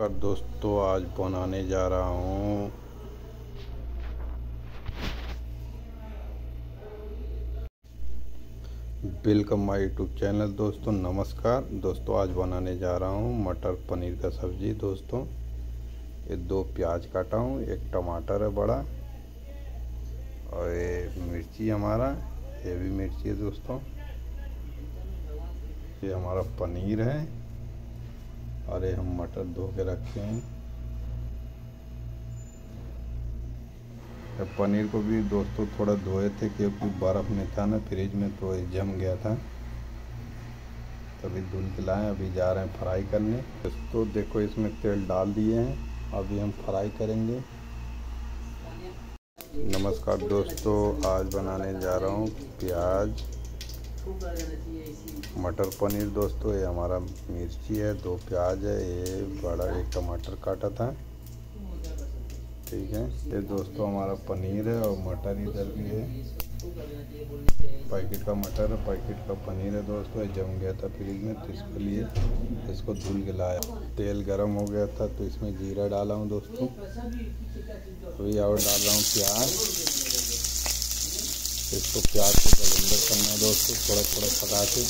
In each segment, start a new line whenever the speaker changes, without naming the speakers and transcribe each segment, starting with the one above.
नमस्कार दोस्तों आज बनाने जा रहा हूँ वेलकम माई यूट्यूब चैनल दोस्तों नमस्कार दोस्तों आज बनाने जा रहा हूँ मटर पनीर का सब्ज़ी दोस्तों ये दो प्याज काटा हूँ एक टमाटर है बड़ा और ये मिर्ची हमारा ये भी मिर्ची है दोस्तों ये हमारा पनीर है और ये हम मटर धो के रखे हैं पनीर को भी दोस्तों थोड़ा धोए थे क्योंकि बर्फ़ में था ना फ्रिज में तो ये जम गया था तभी धुल के लाए अभी जा रहे हैं फ्राई करने तो देखो इसमें तेल डाल दिए हैं अभी हम फ्राई करेंगे नमस्कार दोस्तों आज बनाने जा रहा हूँ प्याज मटर पनीर दोस्तों ये हमारा मिर्ची है दो प्याज है ये बड़ा एक टमाटर काटा था ठीक है ये दोस्तों हमारा पनीर है और मटर इधर भी है पैकेट का मटर है पैकेट का पनीर है दोस्तों ये जम गया था फ्रिज में तो इसके लिए इसको धुल के लाया तेल गर्म हो गया था तो इसमें जीरा डाला हूँ दोस्तों अभी और डाल रहा हूँ प्याज इसको प्याज को गलेंडर करना है दोस्तों थोड़ा थोड़ा पका के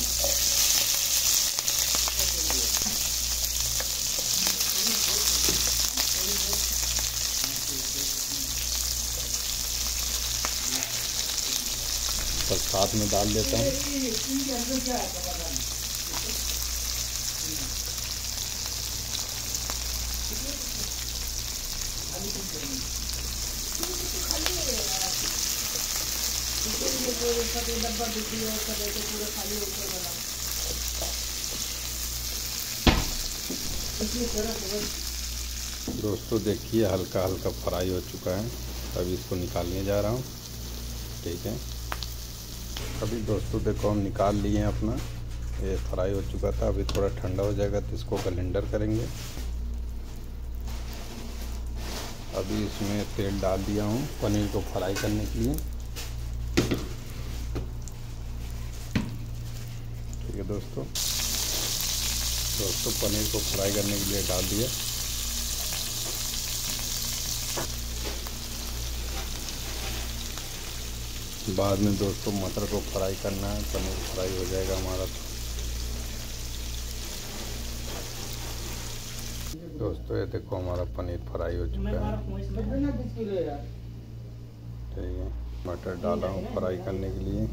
साथ में डाल देता हूँ Thank you. दोस्तों देखिए हल्का हल्का फ्राई हो चुका है अभी इसको निकालने जा रहा हूँ ठीक है अभी दोस्तों देखो हम निकाल लिए हैं अपना ये फ्राई हो चुका था अभी थोड़ा ठंडा हो जाएगा तो इसको कलेंडर करेंगे अभी इसमें तेल डाल दिया हूँ पनीर को फ्राई करने के लिए ठीक है दोस्तों दोस्तों पनीर को फ्राई करने के लिए डाल दिया बाद में दोस्तों मटर को फ्राई करना है पनीर फ्राई हो जाएगा हमारा दोस्तों ये देखो हमारा पनीर फ्राई हो चुका है ठीक है मटर डाला हूँ फ्राई करने के लिए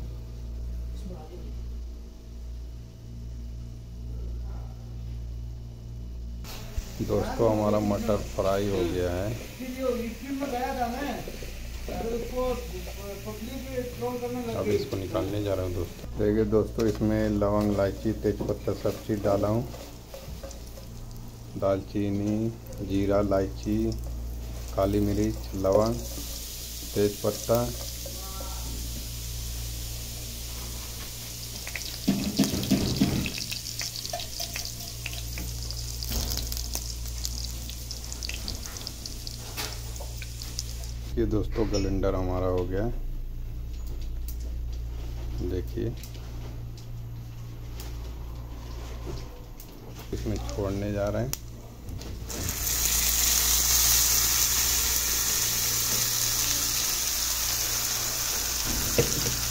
दोस्तों हमारा मटर फ्राई हो गया है अब इसको निकालने जा रहा हूँ दोस्तों देखिए दोस्तों इसमें लवंग इलायची तेजपत्ता सब चीज़ डाला हूँ दालचीनी जीरा इलायची काली मिर्च लवंग तेजपत्ता देखिए दोस्तों कैलेंडर हमारा हो गया देखिए इसमें छोड़ने जा रहे हैं Thank you.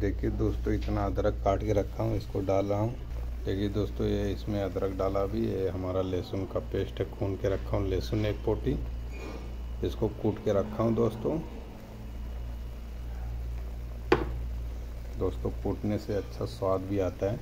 देखिए दोस्तों इतना अदरक काट के रखा हूँ इसको डाल रहा हूँ देखिए दोस्तों ये इसमें अदरक डाला भी ये हमारा लहसुन का पेस्ट है खून के रखा हूँ लहसुन एक पोटी इसको कूट के रखा हूँ दोस्तों दोस्तों कूटने से अच्छा स्वाद भी आता है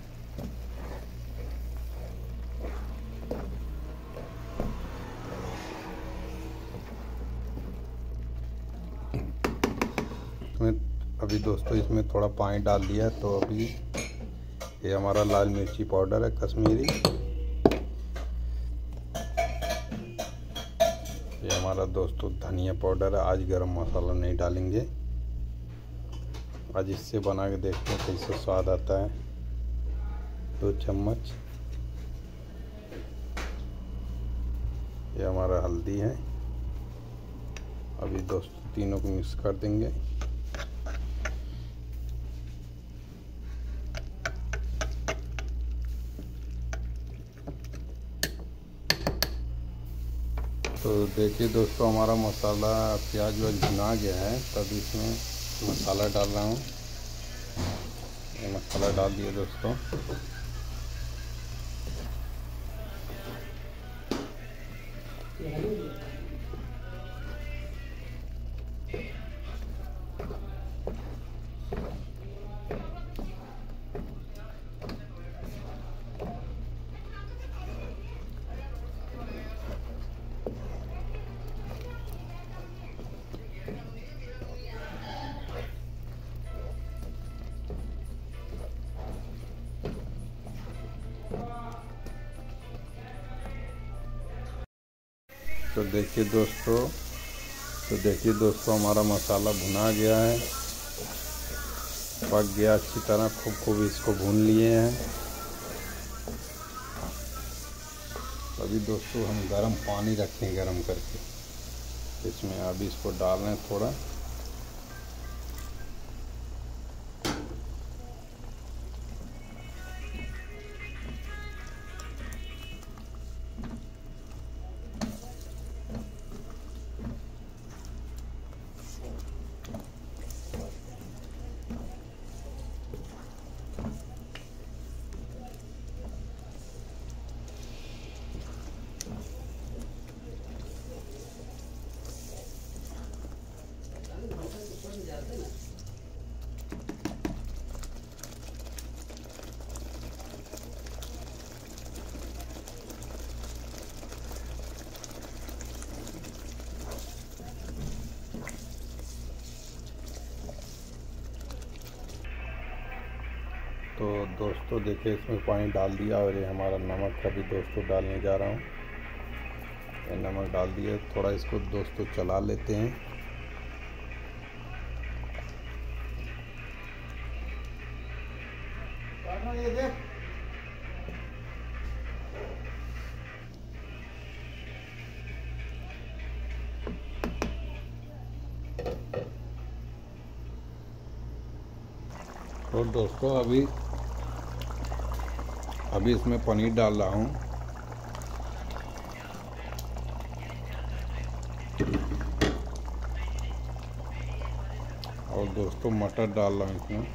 दोस्तों इसमें थोड़ा पानी डाल दिया तो अभी ये हमारा लाल मिर्ची पाउडर है कश्मीरी ये हमारा दोस्तों धनिया पाउडर है आज गरम मसाला नहीं डालेंगे आज इससे बना के देखते हैं कैसे स्वाद आता है दो चम्मच ये हमारा हल्दी है अभी दोस्तों तीनों को मिक्स कर देंगे तो देखिए दोस्तों हमारा मसाला प्याज व्याज भुना गया है तब इसमें मसाला डाल रहा हूँ मसाला डाल दिया दोस्तों देखिए दोस्तों तो देखिए दोस्तों हमारा मसाला भुना गया है पक गया अच्छी तरह खूब खूब इसको भून लिए हैं अभी दोस्तों हम गर्म पानी रखें गर्म करके इसमें अभी इसको डाल रहे हैं थोड़ा दोस्तों देखिए इसमें पानी डाल दिया और ये हमारा नमक का भी दोस्तों डालने जा रहा हूँ ये नमक डाल दिया थोड़ा इसको दोस्तों चला लेते हैं और दोस्तों अभी अभी इसमें पनीर डाल रहा हूँ और दोस्तों मटर डाल रहा हूँ इसमें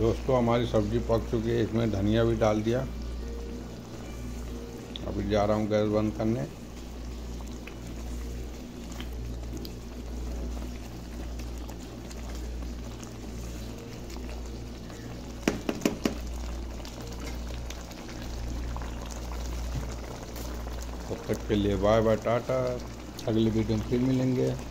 दोस्तों हमारी सब्जी पक चुकी है इसमें धनिया भी डाल दिया अभी जा रहा हूँ गैस बंद करने तब तक के लिए बाय बाय टाटा अगले वीडियो में फिर मिलेंगे